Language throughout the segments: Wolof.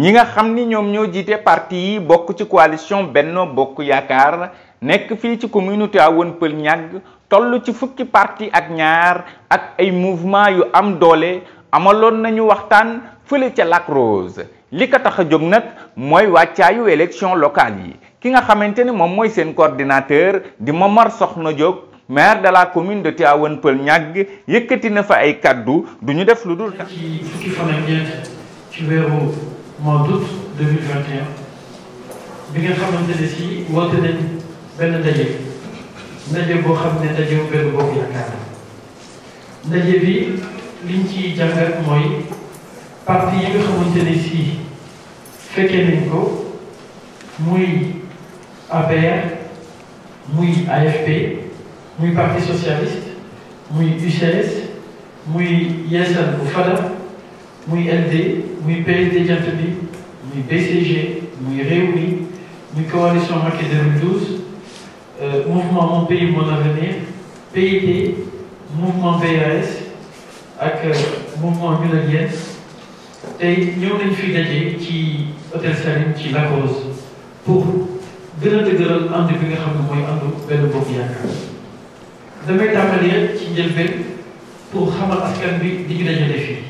ñi nga xam ni ñoom ñoo jiite parti yi bokk ci coalition Benno Bokk Yaakaar nekk fii ci communauté Tivaouane pël Niague toll ci fukki parti ak ñaar ak ay mouvement yu am doole amaloon nañu waxtaan fële ca Lac Rose li ko tax a jóg nag mooy wàccaayu élection locale yi ki nga xamante ni moom mooy seen coordinateur di ma Momar Sokhna jóg maire de la commune de Tivaouane Peulh yëkkati na fa ay kàddu du ñu def lu dul tax mois d'août 2021 bi nga xamante ne si woote nañ benn ndaje ndaje boo xam ne ndaje bu benn bokk yaakaar ndaje bi liñ ci jàngal mooy parti yi nga xamante ne si fekkee nañ ko muy APR muy AFP muy parti socialiste muy UCS muy yeesal bu Fada muy LD muy PSD Jant muy BCG muy Réew mi muy coalition Marquée 2012 eh, mouvement Mon Pays Mon Avenir PID, mouvement PAS ak eh, mouvement Muladies et ñëw nañ fi daje qui, hôtel Salim ci La Rose pour gën a dëgëral ànd bi nga xam ne mooy àndu benn bopp yaakaar damay tàmbalee ci njëlbeen pour xamal askan bi di ñu dajale fii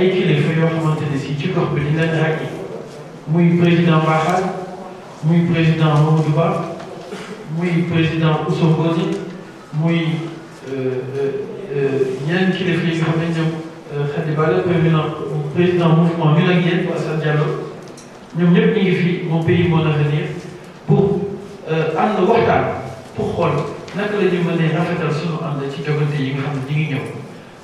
ay le yoo xamante ne si ci gox bi di leen ràññi muy président Bakar muy président Mamadou Ba muy président Ousmane Ngozi muy ñeneen euh, euh, euh, kilifa yi nga xam ne ñoom Khady Ba président président mouvement bi nag yéen Assane Diallo ñoom ñëpp ñu ngi fi mon pays mon avenir pour ànd waxtaan pour xol naka la ñu mënee rafetal sunu ànd ci jogante yi nga xam ne ñu ngi ñëw.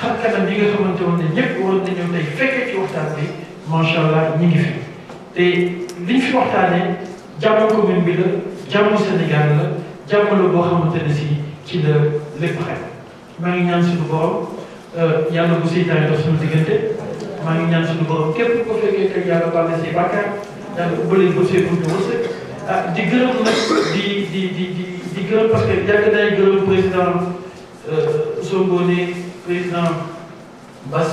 xar kanam yi nga xamante woon ne ñëpp waroon nañu tey fekkee ci waxtaan bi macha allah ñu ngi fi te liñ fi waxtaanee jàmm commune bi la jàmm Sénégal la jàmm la boo xamante ne si ci la lépp xel maa ngi ñaan suñu borom euh, yàlla bu seytaane dox suñu diggante maa ngi ñaan suñu borom képp ko fekkee que yàlla baal na say bàkkaar yàlla ubbalee ba see buntu wërsëg ah di gërëm nag di di di di di gërëm parce que yàgg nañ gërëm président euh, Sonko ne président Bas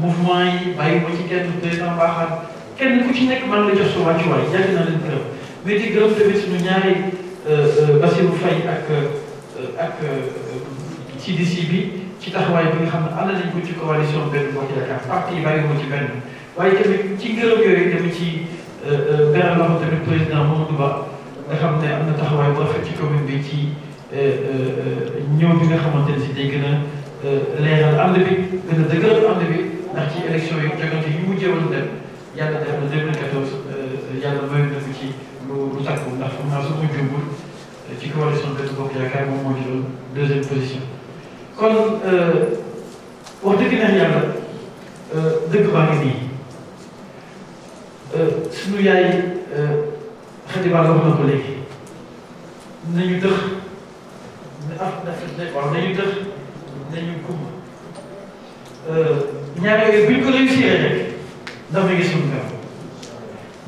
mouvement yi bàyyi ma ci kenn président kenn ku ci nekk man la jox sa wàccuwaay yàgg naa leen gërëm mais di gërëm tamit suñu ñaari euh, euh, Bassirou Faye ak euh, ak CDC bi ci taxawaay bi nga xam ne ànd nañ ko ci coalition benn bokk yaakaar parti yi bàyyi ko ci benn waaye tamit ci ngërëm yooyu tamit ci beneen loxo tamit président Mamadou Ba nga xam ne am na taxawaay bu rafet ci commune bi ci ñëw bi nga xamante ne si day gën Eh, leeral am na bi gën a am na bi ndax ci élection yi jogante yi mujjee woon dem yàlla def na 2014 eh, yàlla mayu na ko ci lu lu takku ndax xam naa su jumbul eh, ci coalition Benno Bokk Yaakaar moom moo jëloon deuxième position. kon wax dëgg neex yàlla dëgg baa ngi nii suñu yaay Xadi Ba wax na ko léegi nañu dëx ah, na af na waaw nañu dëx. dañu gudd euh, ñaar yooyu bu ñu ko réussir rek dafay gis suñu gàmm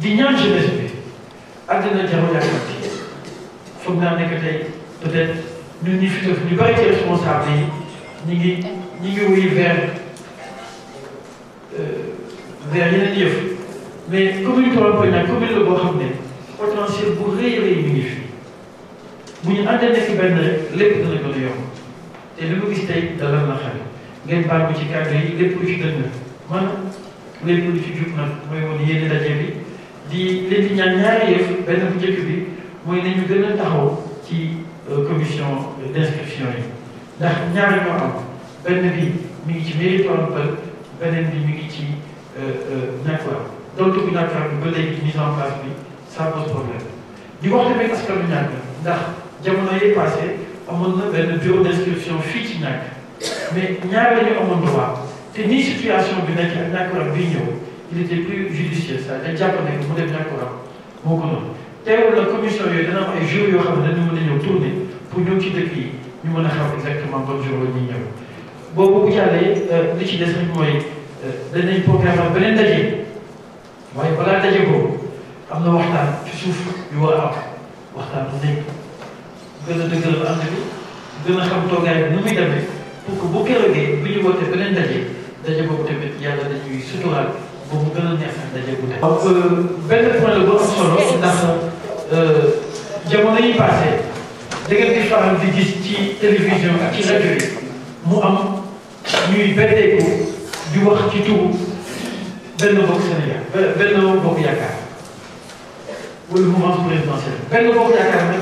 di ñaan jeunesse bi àddina jarul yàkkamti foog naa nekk tey peut-être ñun ñi fi def ñu bari ci responsable yi ñu ngi ñu ngi wuyu vers euh, vers yeneen yëf mais commune Tivaouane Peulh commune la boo xam ne potentiel bu rëy a rëy mi ngi fi bu ñu àndee nekk benn lépp dana gën a yomb. te li mu gis tey dalal na xel ngeen baal ci cadre yi lépp lu ci dëgg na man lépp lu ci jub na mooy woon yéene daje bi di leen ñaan ñaari yëf benn bu njëkk bi mooy nañu gën a taxaw ci euh, commission d' inscription yi ndax ñaari moo am benn bi mi ngi ci méritoire pël beneen bi mi ngi ci ñàkk euh, euh, donc bu ñàkk a ba léegi mise en place bi ça pose problème di wax tamit askan wi ñaan ndax jamono yee passé amoon na benn bureau d'inscription fii ci ñàkk mais ñaar la ñu amoon droit te ni situation bi nekk ak ñàkkuram bi ñëw il était plus judicieux ça dañ jàpp ne mu def ñàkkuram moo ko noonu teewul la commission yooyu dana am ay jour yoo xam ne dañu mën a ñëw tourner pour ñëw ci dëkk yi ñu mën a xam exactement ban jour la ñuy ñëw boobu bu jàllee euh, li ci des nag mooy euh, danañ programme beneen daje waaye balaa daje boobu am na waxtaan ci suuf yu war a am waxtaan bu nekk gën a dëgëral ànd bi gën a xam toogaay bi nu muy demee pour que bu keroogee bu ñu wootee beneen daje daje boobu tamit yàlla dañuy suturaal ba mu gën a neex ak daje bu nekk. waaw benn point la bu am solo ndax jamono yi passé da ngeen di faral di gis ci télévision ak ci rajo yi mu am ñuy beddeeku di wax ci turu benn bokk Sénégal benn bokk yaakaar wala mu am présidentiel benn bokk yaakaar nag.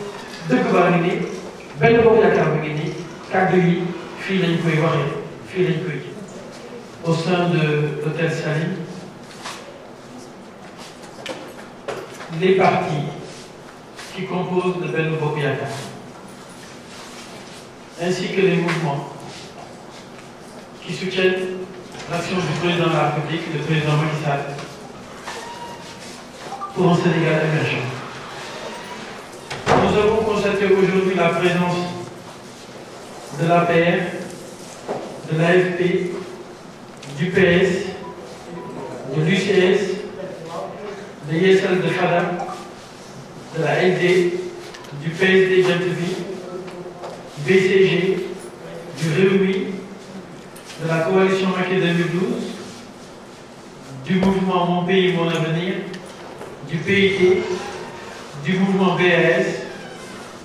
au sein de l'hôtel Salim les partis qui composent le Benno Bokk ainsi que les mouvements qui soutiennent l'action du président de la République, le président Moïse, pour pour un Sénégal émergent aujourd'hui la présence de l'APR, de l'AFP, du PS, de l'UCS, de l'ISL de FADA, de la LD, du PSD du BCG, du Réumi, de la coalition Maquet 2012, du mouvement Mon Pays, Mon Avenir, du PIT, du mouvement BAS,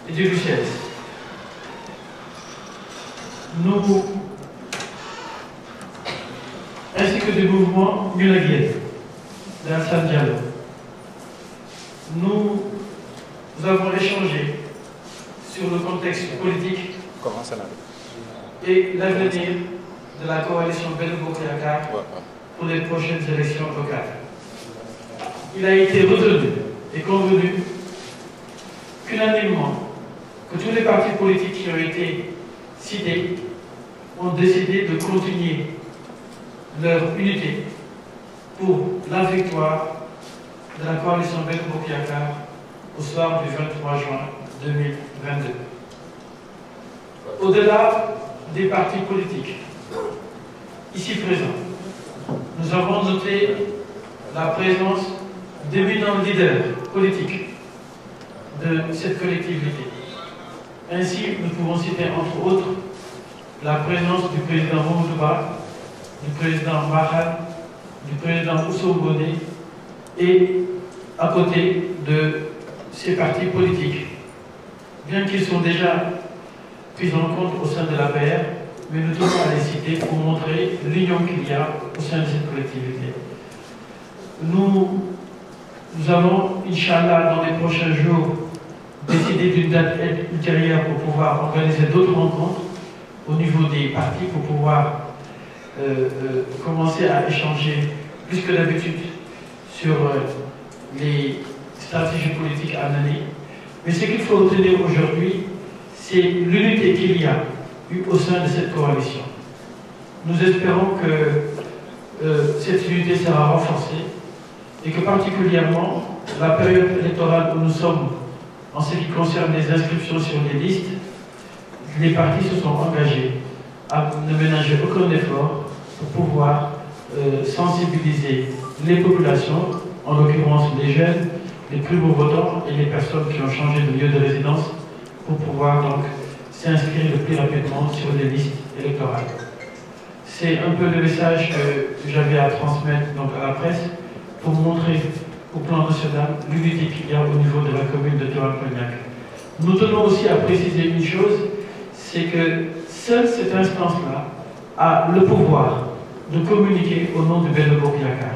et du richesses. Nous, ainsi que des mouvements la la Diallo. Nous, nous avons échangé sur le contexte politique et l'avenir de la coalition belgo Kyaka pour les prochaines élections locales. Il a été retenu et convenu qu'unanimement tous les partis politiques qui ont été cités ont décidé de continuer leur unité pour la victoire de la coalition Belko-Piakar au soir du 23 juin 2022. Au-delà des partis politiques, ici présents, nous avons noté la présence d'éminents leaders politiques de cette collectivité ainsi, nous pouvons citer entre autres la présence du président Mouzouba, du président Mahal, du président Mousso et à côté de ces partis politiques. Bien qu'ils soient déjà pris en compte au sein de la PR, mais nous devons les citer pour montrer l'union qu'il y a au sein de cette collectivité. Nous, nous allons, Inch'Allah, dans les prochains jours, décider d'une date ultérieure pour pouvoir organiser d'autres rencontres au niveau des partis pour pouvoir euh, euh, commencer à échanger plus que d'habitude sur euh, les stratégies politiques à mener. Mais ce qu'il faut obtenir aujourd'hui, c'est l'unité qu'il y a au sein de cette coalition. Nous espérons que cette unité sera renforcée et que particulièrement la période électorale où nous sommes en ce qui concerne les inscriptions sur les listes, les partis se sont engagés à ne ménager aucun effort pour pouvoir euh, sensibiliser les populations, en l'occurrence les jeunes, les plus beaux votants et les personnes qui ont changé de lieu de résidence pour pouvoir donc s'inscrire le plus rapidement sur les listes électorales. C'est un peu le message que j'avais à transmettre donc à la presse pour montrer au plan national qu'il y au niveau de la commune de Théoine-Cognac. Nous tenons aussi à préciser une chose, c'est que seule cette instance-là a le pouvoir de communiquer au nom du Bénébo Biakar.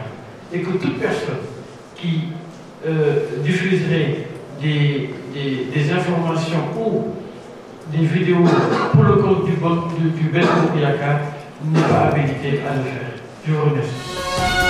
Et que toute personne qui euh, diffuserait des, informations ou des vidéos pour le compte du, du, du n'est pas habilitée à le faire. Je vous remercie.